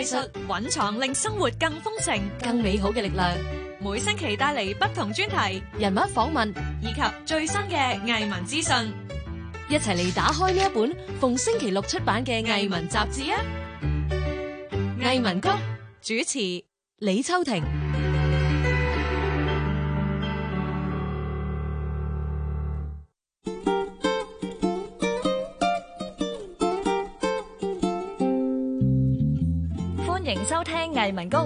藝術蘊藏令生活更豐盛、更美好嘅力量，每星期帶嚟不同專題、人物訪問以及最新嘅藝文資訊，一齊嚟打開呢一本逢星期六出版嘅藝文雜誌啊！藝文谷主持李秋婷。收聽藝文谷，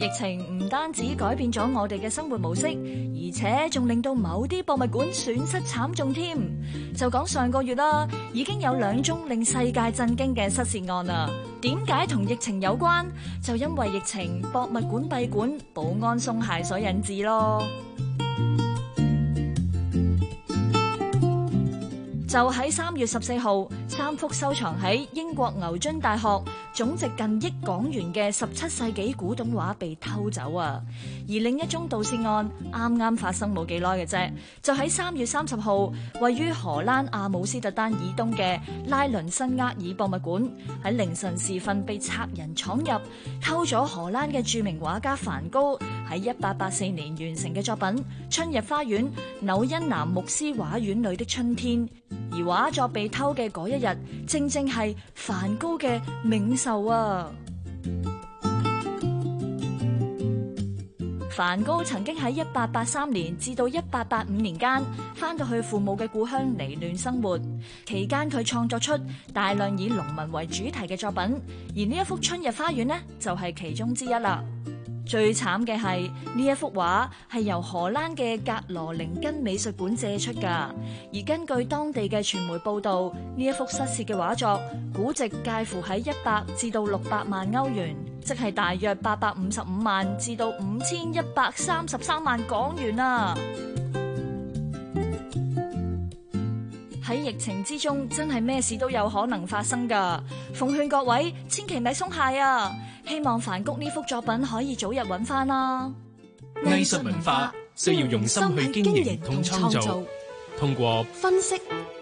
疫情唔單止改變咗我哋嘅生活模式，而且仲令到某啲博物館損失慘重添。就講上個月啦，已經有兩宗令世界震驚嘅失竊案啦。點解同疫情有關？就因為疫情博物館閉館，保安鬆懈所引致咯。就喺三月十四號，三幅收藏喺英國牛津大學、總值近億港元嘅十七世紀古董畫被偷走啊！而另一宗盜竊案啱啱發生冇幾耐嘅啫，就喺三月三十號，位於荷蘭阿姆斯特丹以東嘅拉倫辛厄爾博物館喺凌晨時分被賊人闖入，偷咗荷蘭嘅著名畫家梵高喺一八八四年完成嘅作品《春日花園》紐恩南牧師畫院裏的春天。而畫作被偷嘅嗰一日，正正係梵高嘅冥壽啊！梵高曾經喺一八八三年至到一八八五年間翻到去父母嘅故鄉尼亂生活，期間佢創作出大量以農民為主題嘅作品，而呢一幅《春日花園》呢就係其中之一啦。最慘嘅係呢一幅畫係由荷蘭嘅格羅寧根美術館借出噶，而根據當地嘅傳媒報道，呢一幅失竊嘅畫作估值介乎喺一百至到六百萬歐元，即係大約八百五十五萬至到五千一百三十三萬港元啊！喺疫情之中，真係咩事都有可能發生噶。奉勸各位，千祈咪鬆懈啊！希望梵谷呢幅作品可以早日揾翻啦。藝術文化需要用心去經營同創造，通過分析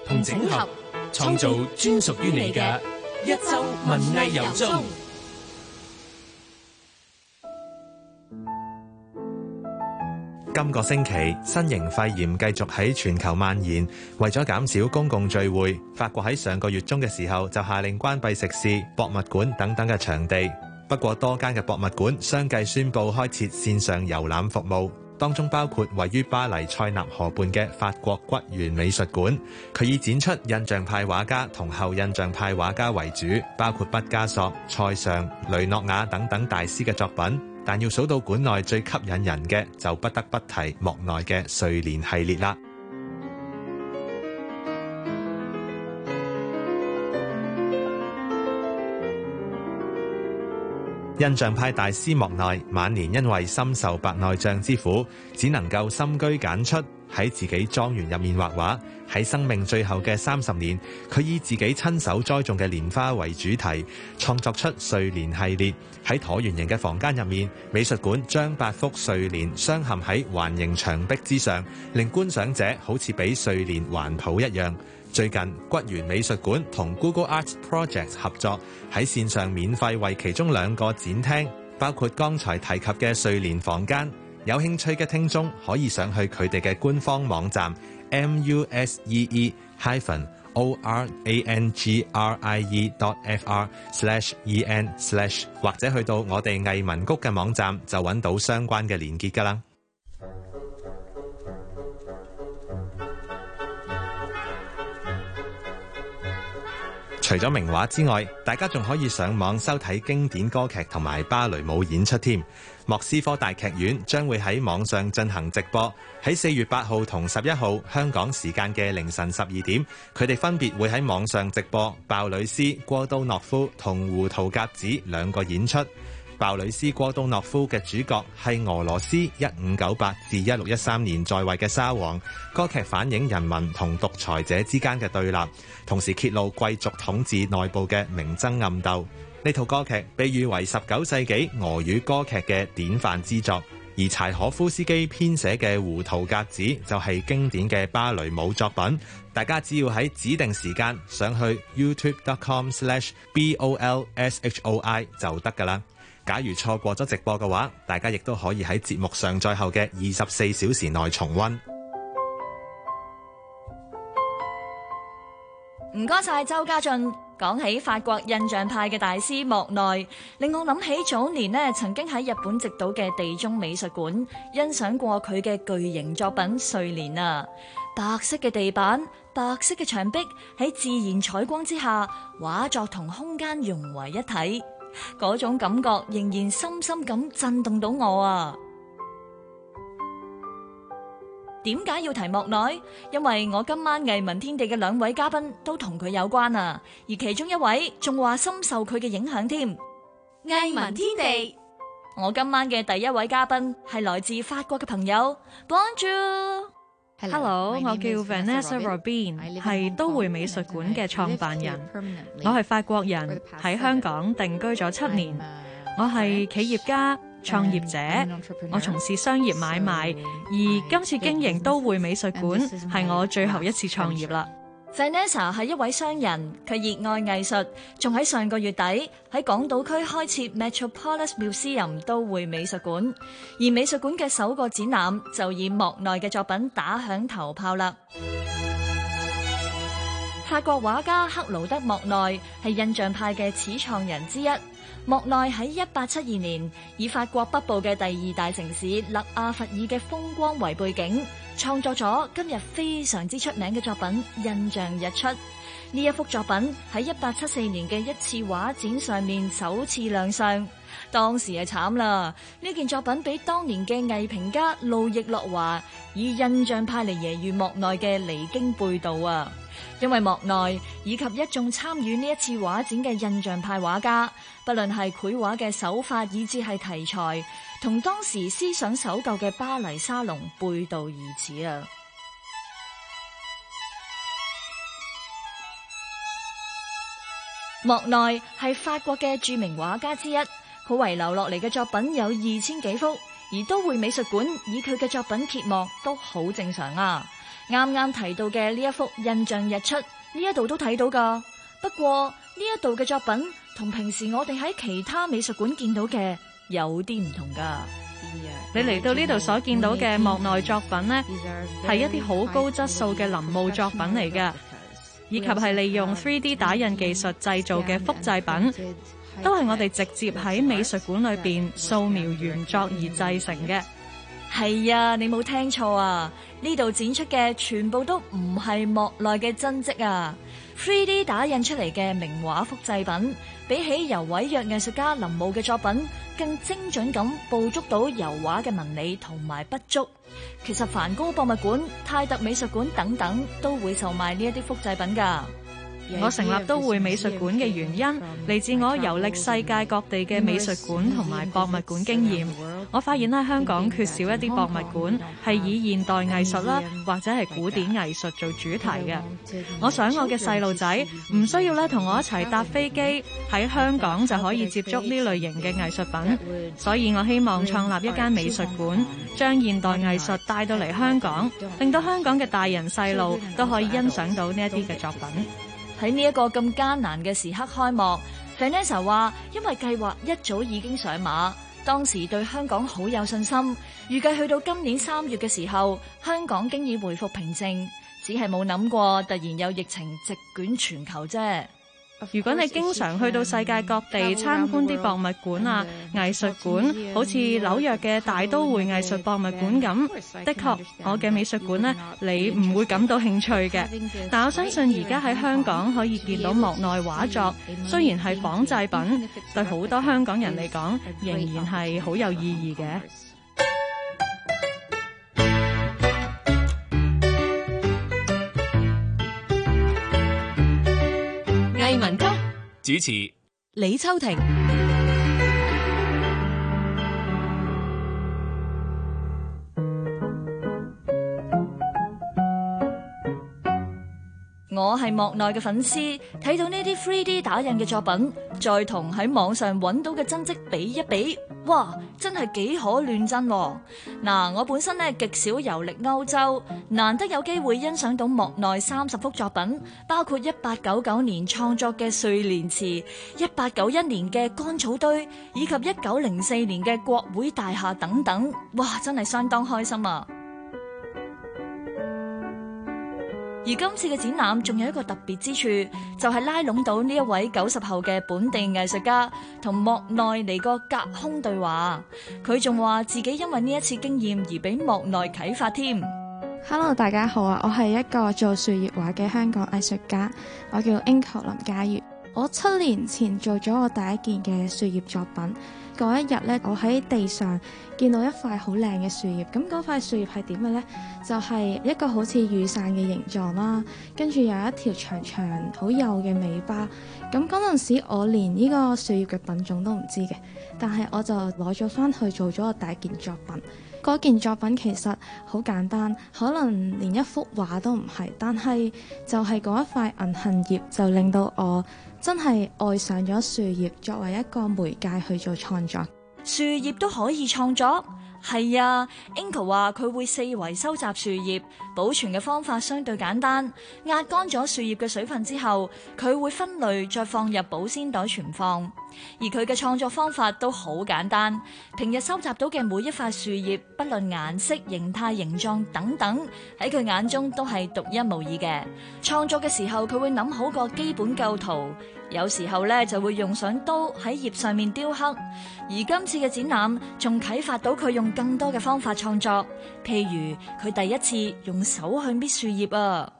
同整合，創造專屬於你嘅一周文藝遊蹤。今個星期，新型肺炎繼續喺全球蔓延，為咗減少公共聚會，法國喺上個月中嘅時候就下令關閉食肆、博物館等等嘅場地。不過，多間嘅博物館相繼宣布開設線上遊覽服務，當中包括位於巴黎塞納河畔嘅法國橘園美術館，佢以展出印象派畫家同後印象派畫家為主，包括畢加索、塞尚、雷諾亞等等大師嘅作品。但要數到館內最吸引人嘅，就不得不提莫內嘅睡蓮系列啦。印象派大師莫內晚年因為深受白內障之苦，只能夠深居簡出。喺自己莊園入面畫畫，喺生命最後嘅三十年，佢以自己親手栽種嘅蓮花為主題，創作出睡蓮系列。喺橢圓形嘅房間入面，美術館將八幅睡蓮鑲嵌喺環形牆壁之上，令觀賞者好似俾睡蓮環抱一樣。最近，橘園美術館同 Google Arts Project 合作，喺綫上免費為其中兩個展廳，包括剛才提及嘅睡蓮房間。有興趣嘅聽眾可以上去佢哋嘅官方網站 musee-orangerie.fr/en/，e、e、Hyphen 或者去到我哋藝文谷嘅網站就揾到相關嘅連結㗎啦。除咗名畫之外，大家仲可以上網收睇經典歌劇同埋芭蕾舞演出添。莫斯科大劇院將會喺網上進行直播，喺四月八號同十一號香港時間嘅凌晨十二點，佢哋分別會喺網上直播《鮑里斯·戈東諾夫》同《胡桃夾子》兩個演出。鮑里斯·郭東諾夫嘅主角係俄羅斯一五九八至一六一三年在位嘅沙皇。歌劇反映人民同獨裁者之間嘅對立，同時揭露貴族統治內部嘅明爭暗鬥。呢套歌劇被譽為十九世紀俄語歌劇嘅典範之作。而柴可夫斯基編寫嘅《胡桃夾子》就係、是、經典嘅芭蕾舞作品。大家只要喺指定時間上去 YouTube.com/slash b o l s h o i 就得噶啦。假如錯過咗直播嘅話，大家亦都可以喺節目上載後嘅二十四小時內重温。唔該晒，周家俊。講起法國印象派嘅大師莫內，令我諗起早年咧曾經喺日本直島嘅地中美術館欣賞過佢嘅巨型作品《睡蓮》啊！白色嘅地板、白色嘅牆壁喺自然採光之下，畫作同空間融為一體。嗰種感覺仍然深深咁震動到我啊！點解要提莫內？因為我今晚藝文天地嘅兩位嘉賓都同佢有關啊，而其中一位仲話深受佢嘅影響添。藝文天地，我今晚嘅第一位嘉賓係來自法國嘅朋友 Bonjour。Hello，我叫 Vanessa Robine 係都會美術館嘅創辦人。我係法國人，喺香港定居咗七年。我係企業家、創業者，我從事商業買賣，而今次經營都會美術館係我最後一次創業啦。v a n e s a 係一位商人，佢熱愛藝術，仲喺上個月底喺港島區開設 Metropolis m u s e 都會美術館，而美術館嘅首個展覽就以莫奈嘅作品打響頭炮啦。法國畫家克勞德莫奈係印象派嘅始創人之一。莫奈喺一八七二年以法國北部嘅第二大城市勒阿弗爾嘅風光為背景，創作咗今日非常之出名嘅作品《印象日出》。呢一幅作品喺一八七四年嘅一次畫展上面首次亮相。當時係慘啦！呢件作品俾當年嘅藝評家路易洛華以印象派嚟揶揄莫內嘅離經背道啊！因為莫內以及一眾參與呢一次畫展嘅印象派畫家，不論係繪畫嘅手法以至係題材，同當時思想守舊嘅巴黎沙龍背道而馳啊！莫內係法國嘅著名畫家之一。佢遺留落嚟嘅作品有二千幾幅，而都會美術館以佢嘅作品揭幕都好正常啊！啱啱提到嘅呢一幅《印象日出》，呢一度都睇到噶。不過呢一度嘅作品同平時我哋喺其他美術館見到嘅有啲唔同噶。你嚟到呢度所見到嘅幕內作品呢，係一啲好高質素嘅臨摹作品嚟噶，以及係利用 3D 打印技術製造嘅複製品。都係我哋直接喺美術館裏邊掃描原作而製成嘅。係啊，你冇聽錯啊，呢度展出嘅全部都唔係莫內嘅真跡啊，3D 打印出嚟嘅名畫複製品，比起由委約藝術家臨摹嘅作品，更精準咁捕捉到油畫嘅紋理同埋不足。其實梵高博物館、泰特美術館等等都會售賣呢一啲複製品噶。我成立都會美術館嘅原因嚟自我遊歷世界各地嘅美術館同埋博物館經驗。我發現喺香港缺少一啲博物館係以現代藝術啦或者係古典藝術做主題嘅。我想我嘅細路仔唔需要咧同我一齊搭飛機，喺香港就可以接觸呢類型嘅藝術品，所以我希望創立一間美術館，將現代藝術帶到嚟香港，令到香港嘅大人細路都可以欣賞到呢一啲嘅作品。喺呢一個咁艱難嘅時刻開幕，Vanessa 話：因為計劃一早已經上馬，當時對香港好有信心，預計去到今年三月嘅時候，香港經已回復平靜，只係冇諗過突然有疫情席捲全球啫。如果你經常去到世界各地參觀啲博物館啊、藝術館，好似紐約嘅大都會藝術博物館咁，的確，我嘅美術館呢，你唔會感到興趣嘅。但我相信而家喺香港可以見到莫內畫作，雖然係仿製品，對好多香港人嚟講，仍然係好有意義嘅。主持李秋婷，我係莫內嘅粉絲，睇到呢啲 3D 打印嘅作品，再同喺網上揾到嘅真迹比一比。哇，真係幾可亂真嗱、啊啊！我本身咧極少遊歷歐洲，難得有機會欣賞到莫內三十幅作品，包括一八九九年創作嘅睡蓮池、一八九一年嘅乾草堆以及一九零四年嘅國會大廈等等。哇，真係相當開心啊！而今次嘅展覽仲有一個特別之處，就係拉攏到呢一位九十後嘅本地藝術家同莫奈嚟個隔空對話。佢仲話自己因為呢一次經驗而俾莫奈啟發添。Hello，大家好啊，我係一個做樹葉畫嘅香港藝術家，我叫英喬林嘉裕。我七年前做咗我第一件嘅樹葉作品，嗰一日呢，我喺地上見到一塊好靚嘅樹葉。咁塊樹葉係點嘅呢？就係、是、一個好似雨傘嘅形狀啦，跟住有一條長長好幼嘅尾巴。咁嗰陣時，我連呢個樹葉嘅品種都唔知嘅，但係我就攞咗翻去做咗我第一件作品。嗰件作品其實好簡單，可能連一幅畫都唔係，但係就係嗰一塊銀杏葉就令到我。真係愛上咗樹葉，作為一個媒介去做創作。樹葉都可以創作，係啊。Ingo 話佢會四圍收集樹葉，保存嘅方法相對簡單。壓乾咗樹葉嘅水分之後，佢會分類再放入保鮮袋存放。而佢嘅創作方法都好簡單。平日收集到嘅每一塊樹葉，不論顏色、形態、形狀等等，喺佢眼中都係獨一無二嘅。創作嘅時候，佢會諗好個基本構圖。有時候咧，就會用上刀喺葉上面雕刻，而今次嘅展覽仲啟發到佢用更多嘅方法創作，譬如佢第一次用手去搣樹葉啊！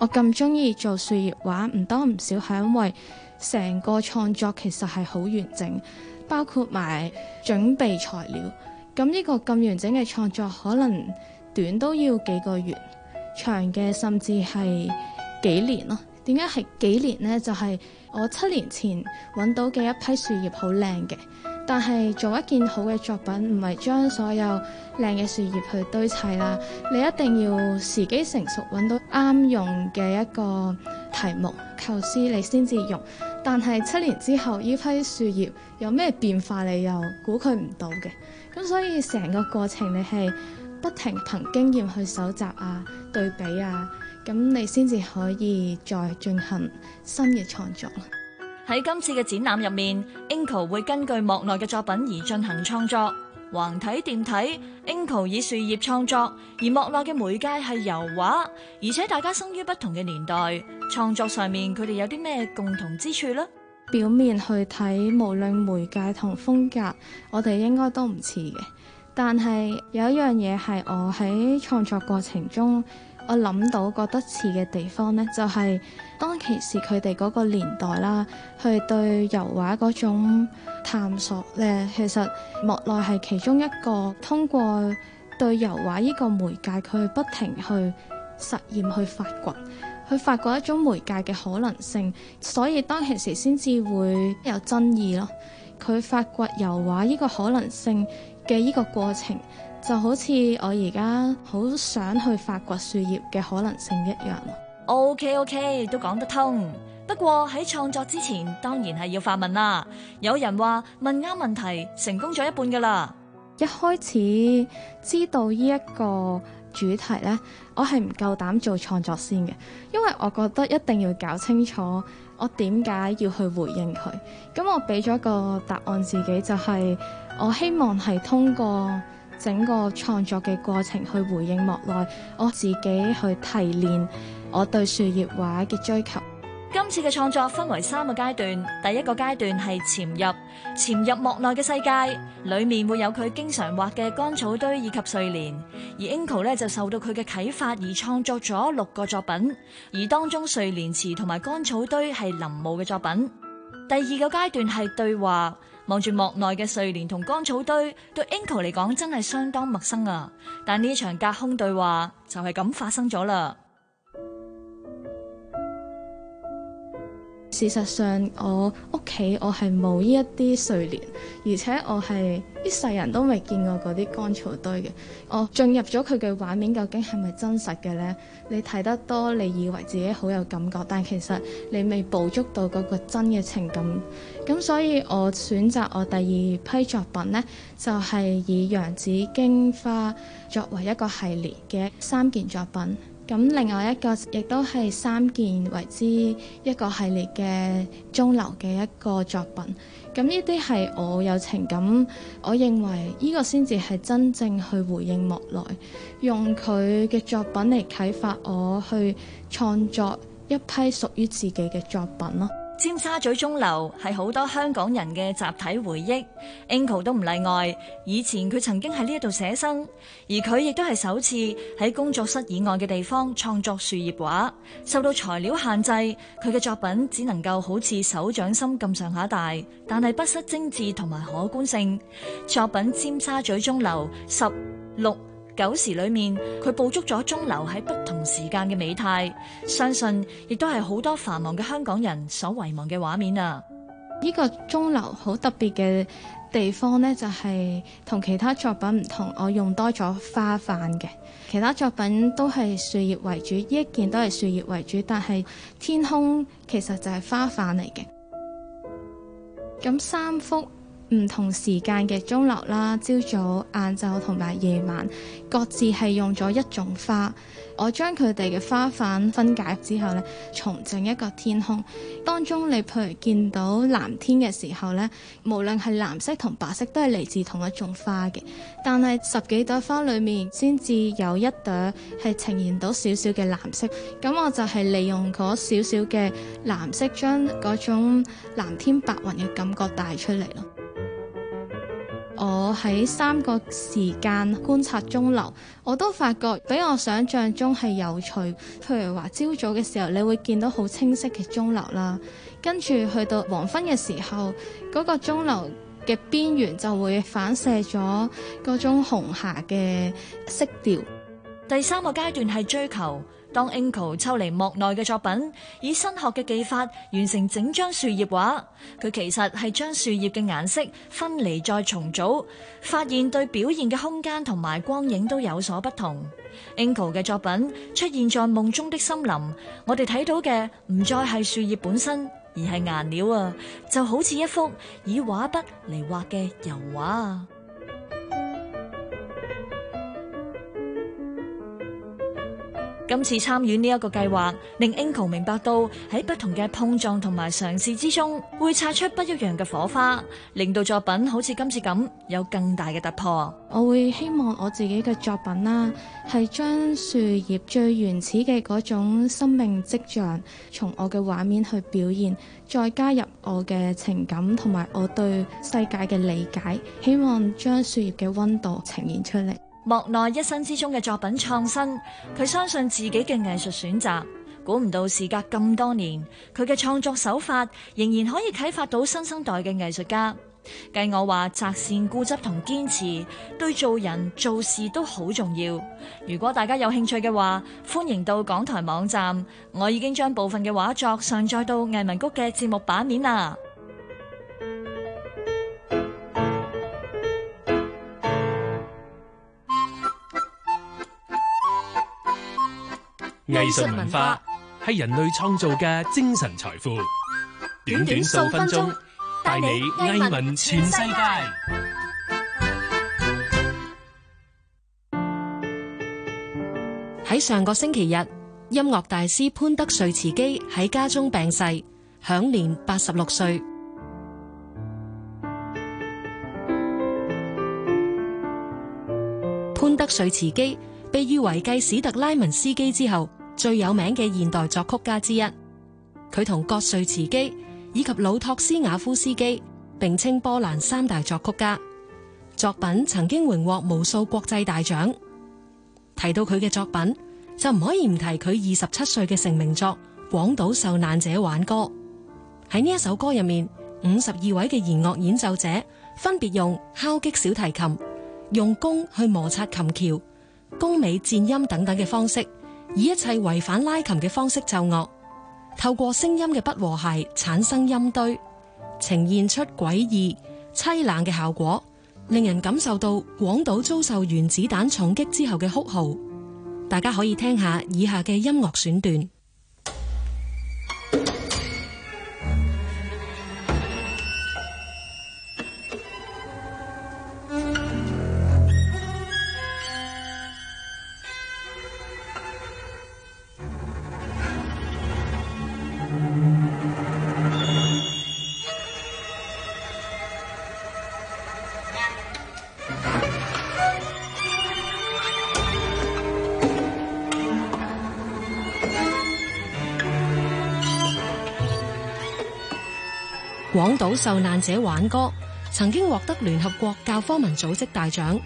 我咁中意做樹葉畫，唔多唔少係因為成個創作其實係好完整，包括埋準備材料。咁呢個咁完整嘅創作，可能短都要幾個月，長嘅甚至係幾年咯。點解係幾年呢？就係我七年前揾到嘅一批樹葉好靚嘅，但係做一件好嘅作品唔係將所有靚嘅樹葉去堆砌啦。你一定要時機成熟揾到啱用嘅一個題目構思，你先至用。但係七年之後呢批樹葉有咩變化，你又估佢唔到嘅。咁所以成個過程你係不停憑經驗去搜集啊、對比啊。咁你先至可以再進行新嘅創作。喺今次嘅展覽入面，Inco 會根據莫內嘅作品而進行創作，橫體、掂體，Inco 以樹葉創作，而莫內嘅媒介係油畫。而且大家生於不同嘅年代，創作上面佢哋有啲咩共同之處呢？表面去睇，無論媒介同風格，我哋應該都唔似嘅。但係有一樣嘢係我喺創作過程中。我諗到覺得似嘅地方呢，就係當其時佢哋嗰個年代啦，去對油畫嗰種探索咧，其實莫內係其中一個通過對油畫呢個媒介，佢不停去實驗、去發掘、去發掘一種媒介嘅可能性，所以當其時先至會有爭議咯。佢發掘油畫呢個可能性嘅依個過程。就好似我而家好想去發掘樹葉嘅可能性一樣。OK，OK，都講得通。不過喺創作之前，當然係要發問啦。有人話問啱問題，成功咗一半噶啦。一開始知道呢一個主題呢，我係唔夠膽做創作先嘅，因為我覺得一定要搞清楚我點解要去回應佢。咁我俾咗一個答案自己，就係、是、我希望係通過。整個創作嘅過程去回應莫內，我自己去提煉我對樹葉畫嘅追求。今次嘅創作分為三個階段，第一個階段係潛入潛入莫內嘅世界，裡面會有佢經常畫嘅乾草堆以及睡蓮。而 Inco 咧就受到佢嘅啟發而創作咗六個作品，而當中睡蓮池同埋乾草堆係臨摹嘅作品。第二個階段係對話。望住莫內嘅睡蓮同乾草堆，對 Inco 嚟講真係相當陌生啊！但呢場隔空對話就係咁發生咗啦。事實上，我屋企我係冇呢一啲睡蓮，而且我係一世人都未見過嗰啲乾草堆嘅。我進入咗佢嘅畫面，究竟係咪真實嘅呢？你睇得多，你以為自己好有感覺，但其實你未捕捉到嗰個真嘅情感。咁所以我選擇我第二批作品呢，就係、是、以洋紫荊花作為一個系列嘅三件作品。咁另外一個亦都係三件為之一個系列嘅中流嘅一個作品。咁呢啲係我有情感，我認為呢個先至係真正去回應莫內，用佢嘅作品嚟啟發我去創作一批屬於自己嘅作品咯。尖沙咀鐘樓係好多香港人嘅集體回憶，Angel 都唔例外。以前佢曾經喺呢一度寫生，而佢亦都係首次喺工作室以外嘅地方創作樹葉畫。受到材料限制，佢嘅作品只能夠好似手掌心咁上下大，但係不失精緻同埋可觀性。作品《尖沙咀鐘樓》十六。九時裏面，佢捕捉咗鐘樓喺不同時間嘅美態，相信亦都係好多繁忙嘅香港人所遺忘嘅畫面啊！呢個鐘樓好特別嘅地方呢，就係同其他作品唔同，我用多咗花瓣嘅，其他作品都係樹葉為主，一件都係樹葉為主，但係天空其實就係花瓣嚟嘅。咁三幅。唔同時間嘅鐘樓啦，朝早、晏晝同埋夜晚，各自係用咗一種花。我將佢哋嘅花瓣分解之後呢，重整一個天空當中，你譬如見到藍天嘅時候呢，無論係藍色同白色都係嚟自同一種花嘅。但係十幾朵花裡面先至有一朵係呈現到少少嘅藍色，咁我就係利用嗰少少嘅藍色，將嗰種藍天白雲嘅感覺帶出嚟咯。我喺三個時間觀察鐘樓，我都發覺比我想象中係有趣。譬如話，朝早嘅時候，你會見到好清晰嘅鐘樓啦。跟住去到黃昏嘅時候，嗰個鐘樓嘅邊緣就會反射咗嗰種紅霞嘅色調。第三個階段係追求。當 Encol 抽離莫內嘅作品，以新學嘅技法完成整張樹葉畫，佢其實係將樹葉嘅顏色分離再重組，發現對表現嘅空間同埋光影都有所不同。Encol 嘅作品出現在夢中的森林，我哋睇到嘅唔再係樹葉本身，而係顏料啊，就好似一幅以畫筆嚟畫嘅油畫啊。今次參與呢一個計劃，令 e n o 明白到喺不同嘅碰撞同埋嘗試之中，會擦出不一樣嘅火花，令到作品好似今次咁有更大嘅突破。我會希望我自己嘅作品啦，係將樹葉最原始嘅嗰種生命跡象，從我嘅畫面去表現，再加入我嘅情感同埋我對世界嘅理解，希望將樹葉嘅溫度呈現出嚟。莫內一生之中嘅作品創新，佢相信自己嘅藝術選擇。估唔到事隔咁多年，佢嘅創作手法仍然可以啟發到新生代嘅藝術家。計我話，擇善固執同堅持對做人做事都好重要。如果大家有興趣嘅話，歡迎到港台網站，我已經將部分嘅畫作上載到藝文谷嘅節目版面啦。藝術文化係人類創造嘅精神財富。短短數分鐘，帶你藝聞全世界。喺上個星期日，音樂大師潘德瑞茨基喺家中病逝，享年八十六歲。潘德瑞茨基被譽為繼史特拉文斯基之後，最有名嘅現代作曲家之一，佢同郭瑞慈基以及魯托斯瓦夫斯基並稱波蘭三大作曲家。作品曾經榮獲無數國際大獎。提到佢嘅作品，就唔可以唔提佢二十七歲嘅成名作《廣島受難者輓歌》。喺呢一首歌入面，五十二位嘅弦樂演奏者分別用敲擊小提琴、用弓去摩擦琴橋、弓尾顫音等等嘅方式。以一切違反拉琴嘅方式奏樂，透過聲音嘅不和諧產生音堆，呈現出詭異、淒冷嘅效果，令人感受到廣島遭受原子彈重擊之後嘅哭號。大家可以聽下以下嘅音樂選段。廣島受難者輓歌曾經獲得聯合國教科文組織大獎。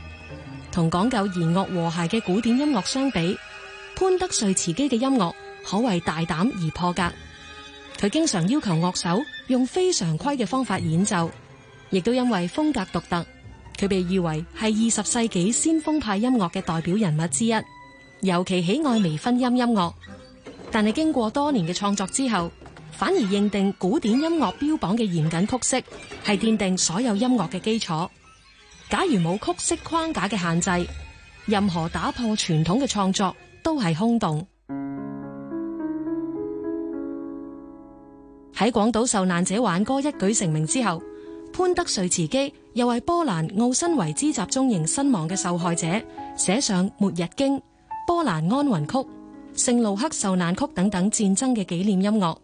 同講究弦樂和諧嘅古典音樂相比，潘德瑞茨基嘅音樂可謂大膽而破格。佢經常要求樂手用非常規嘅方法演奏，亦都因為風格獨特，佢被譽為係二十世紀先鋒派音樂嘅代表人物之一。尤其喜愛微分音音樂，但係經過多年嘅創作之後。反而認定古典音樂標榜嘅嚴謹曲式係奠定所有音樂嘅基礎。假如冇曲式框架嘅限制，任何打破傳統嘅創作都係空洞。喺廣島受難者輓歌一舉成名之後，潘德瑞茨基又為波蘭奧斯維茲集中營身亡嘅受害者寫上《末日經》、波蘭安魂曲、聖路克受難曲等等戰爭嘅紀念音樂。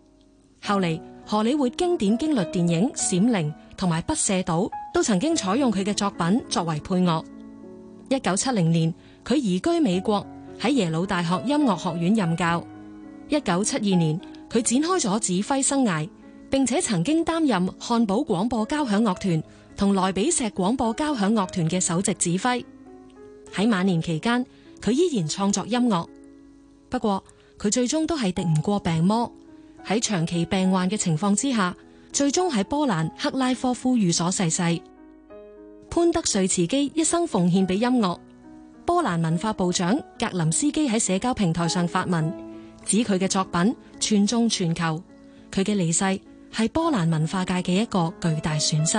後嚟，荷里活經典驚慄電影《閃靈》同埋《不赦島》都曾經採用佢嘅作品作為配樂。一九七零年，佢移居美國，喺耶魯大學音樂學院任教。一九七二年，佢展開咗指揮生涯，並且曾經擔任漢堡廣播交響樂團同萊比錫廣播交響樂團嘅首席指揮。喺晚年期間，佢依然創作音樂，不過佢最終都係敵唔過病魔。喺長期病患嘅情況之下，最終喺波蘭克拉科夫寓所逝世。潘德瑞茨基一生奉獻俾音樂。波蘭文化部長格林斯基喺社交平台上發文，指佢嘅作品傳中全球，佢嘅離世係波蘭文化界嘅一個巨大損失。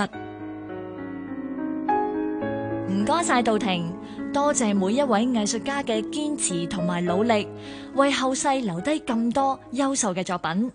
唔該晒杜婷，多謝每一位藝術家嘅堅持同埋努力，為後世留低咁多優秀嘅作品。